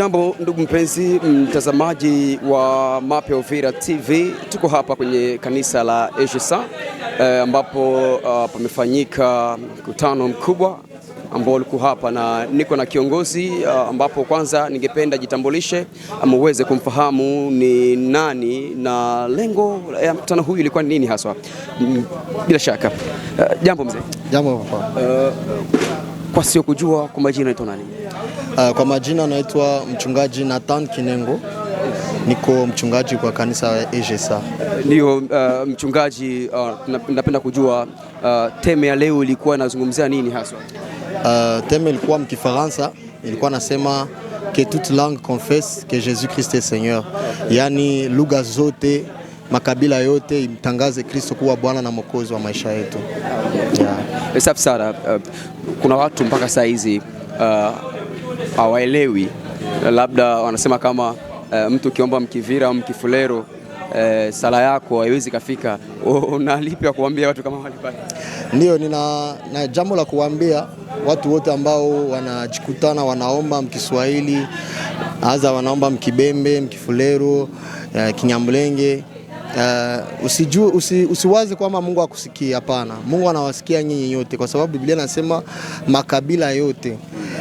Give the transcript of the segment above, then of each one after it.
Jambo ndugu mpenzi mtazamaji wa Mapya Uvira TV, tuko hapa kwenye kanisa la Ejesa eh, ambapo uh, pamefanyika mkutano mkubwa ambao ulikuwa hapa na niko na kiongozi uh, ambapo kwanza ningependa jitambulishe amuweze kumfahamu ni nani na lengo ya mkutano huyu ilikuwa ni nini haswa. Mm, bila shaka uh, jambo mzee. Jambo papa. Uh, kwa sio kujua kwa majina naitwa nani? Uh, kwa majina naitwa mchungaji Nathan Kinengo, niko mchungaji kwa kanisa ya EGSA. Ndio, uh, mchungaji uh, napenda kujua uh, teme ya leo ilikuwa inazungumzia nini haswa? Uh, teme ilikuwa mkifaransa, ilikuwa nasema que toute langue confesse que Jésus Christ est Seigneur, yaani lugha zote makabila yote imtangaze Kristo kuwa Bwana na Mwokozi wa maisha yetu. Yeah. Safi sana. Uh, kuna watu mpaka saa hizi uh, hawaelewi, labda wanasema kama uh, mtu ukiomba Mkivira au Mkifulero uh, sala yako haiwezi kafika. wa kuambia watu kama wale pale? Ndio, nina na jambo la kuambia watu wote ambao wanajikutana wanaomba Mkiswahili, aza wanaomba Mkibembe, Mkifulero, uh, eh, Kinyambulenge Uh, usiju, usi, usiwaze kwamba Mungu akusikia. Hapana, Mungu anawasikia nyinyi nyote, kwa sababu Biblia nasema makabila yote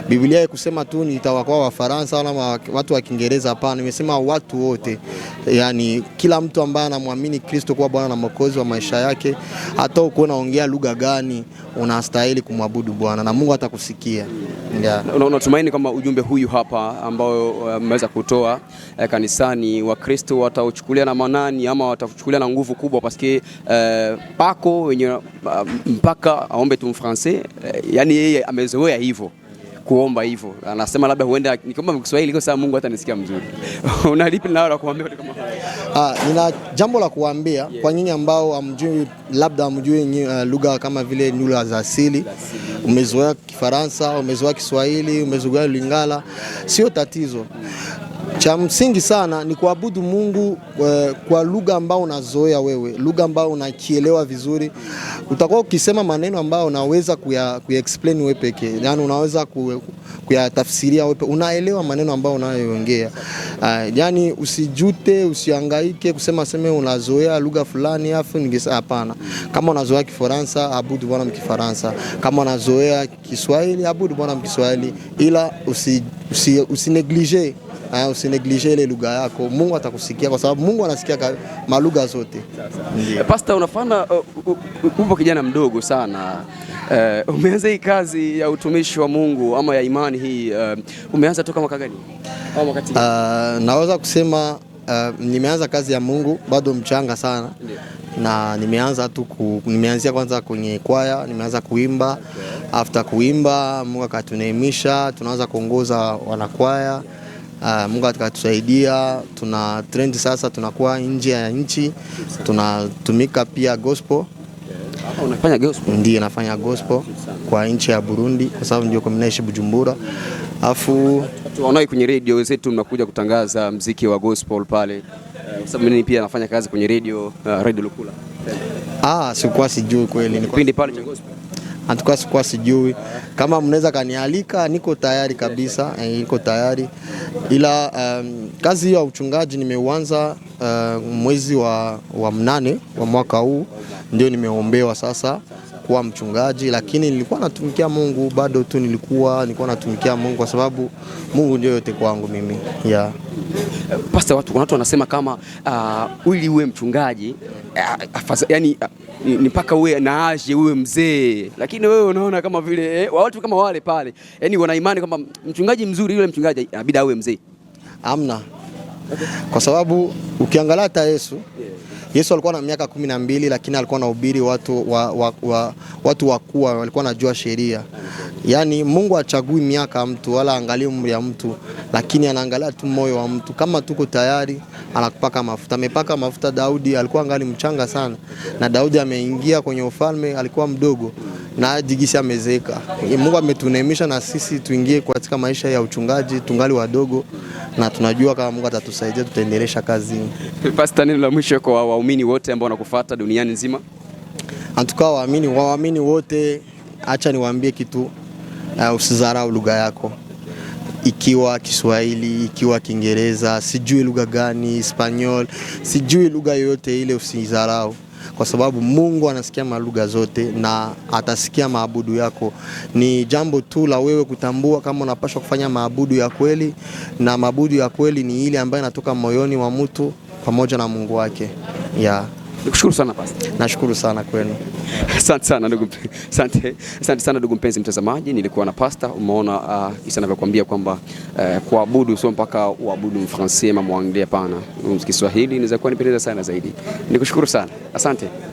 Biblia kusema tu nitawakoa Wafaransa wala watu wa Kiingereza, hapana. Imesema watu wote, yani kila mtu ambaye anamwamini Kristo kuwa Bwana na Mwokozi wa maisha yake, hata uko unaongea lugha gani, unastahili kumwabudu Bwana na Mungu atakusikia. Yeah. Unatumaini kwamba ujumbe huyu hapa ambao eh, mmeweza um, kutoa eh, kanisani Wakristo watauchukulia na manani ama watauchukulia na nguvu kubwa paske eh, pako wenye ah, mpaka aombe tu mfrancais eh, yani yeye amezoea hivyo kuomba hivyo. Anasema labda huenda nikiomba Kiswahili kwa sababu Mungu hata nisikia mzuri. Una lipi nalo la kuambia watu kama hao? Ah, nina jambo la kuambia yeah. Kwa nyinyi ambao hamjui labda hamjui uh, lugha kama vile lugha za asili, umezoea Kifaransa, umezoea Kiswahili, umezoea Lingala, sio tatizo mm. Cha msingi sana ni kuabudu Mungu kwa, eh, kwa lugha ambayo unazoea wewe, lugha ambayo unakielewa vizuri. Utakuwa ukisema maneno ambayo unaweza kuya, kuya explain wewe pekee, yani unaweza kuyatafsiria wewe, unaelewa maneno ambayo unayoongea. Uh, ah, yani usijute, usihangaike kusema sema unazoea lugha fulani afu ningesema hapana. Kama unazoea Kifaransa, abudu Bwana mkifaransa. Kama unazoea Kiswahili, abudu Bwana mkiswahili, ila usi, usi, usi, usi neglige Uh, ah, usineglije ile lugha yako, Mungu atakusikia kwa sababu Mungu anasikia malugha zote. Eh, Pastor, unafana eh, upo kijana mdogo sana uh, umeanza hii kazi ya utumishi wa Mungu ama ya imani hii uh, umeanza toka mwaka gani? Uh, naweza kusema uh, nimeanza kazi ya Mungu bado mchanga sana. Ndiyo. Na nimeanza tu nimeanzia kwanza kwenye kwaya, nimeanza kuimba okay. After kuimba Mungu akatuneemisha tunaanza kuongoza wanakwaya yeah. Uh, Mungu atakatusaidia, tuna trend sasa, tunakuwa nje ya nchi, tunatumika pia gospel. Unafanya gospel? Ndiyo, nafanya gospel kwa nchi ya Burundi kwa sababu ndio mnaishi Bujumbura. Afu tunaona kwenye radio zetu mnakuja kutangaza mziki wa gospel pale, eh, kwa sababu mimi pia nafanya kazi kwenye radio, uh, Radio Lukula. Ah, sikuwa sijui kweli. Kipindi pale cha gospel antuka sikuwa sijui kama mnaweza kanialika, niko tayari kabisa, eh, niko tayari ila um, kazi hiyo ya uchungaji nimeuanza uh, mwezi wa, wa mnane wa mwaka huu ndio nimeombewa sasa kuwa mchungaji, lakini nilikuwa natumikia Mungu bado tu, nilikuwa nilikuwa natumikia Mungu kwa sababu Mungu ndio yote kwangu mimi yeah. Pasta, watu wanasema kama uh, ili uwe mchungaji uh, yani uh, ni mpaka uwe na aje uwe mzee, lakini wewe unaona kama vile eh, watu kama wale pale, yani wana imani kwamba mchungaji mzuri yule mchungaji inabidi awe mzee. Amna, okay. Kwa sababu ukiangalia hata Yesu yeah. Yesu alikuwa na miaka kumi na mbili lakini alikuwa anahubiri watu wa, wa, wa, watu wakuwa walikuwa wanajua sheria. Yaani Mungu achagui miaka mtu wala angalie umri ya mtu, lakini anaangalia tu moyo wa mtu. Kama tuko tayari, anakupaka mafuta. Amepaka mafuta Daudi, alikuwa angali mchanga sana, na Daudi ameingia kwenye ufalme alikuwa mdogo na jigisi amezeeka. Mungu ametuneemisha na sisi tuingie katika maisha ya uchungaji tungali wadogo na tunajua kama Mungu atatusaidia tutaendelesha kazi. Pastor, neno la mwisho kwa waumini wote ambao wanakufuata duniani nzima? Antuka waamini, waamini wote, acha niwaambie kitu, uh, usizarau lugha yako, ikiwa Kiswahili, ikiwa Kiingereza, sijui lugha gani, Hispaniol, sijui lugha yoyote ile, usizarau kwa sababu Mungu anasikia malugha zote na atasikia maabudu yako. Ni jambo tu la wewe kutambua kama unapaswa kufanya maabudu ya kweli, na maabudu ya kweli ni ile ambayo inatoka moyoni wa mtu pamoja na Mungu wake yeah. Nikushukuru sana Pastor. Nashukuru sana kwenu. Asante sana ndugu. Asante. Asante sana ndugu mpenzi mtazamaji, nilikuwa na pasta umeona uh, ah, Isa anavyokuambia kwamba uh, kuabudu sio mpaka uabudu mfrancais ama Mwanglia, pana Kiswahili inaweza kuwa nipendeza sana zaidi. Nikushukuru sana. Asante.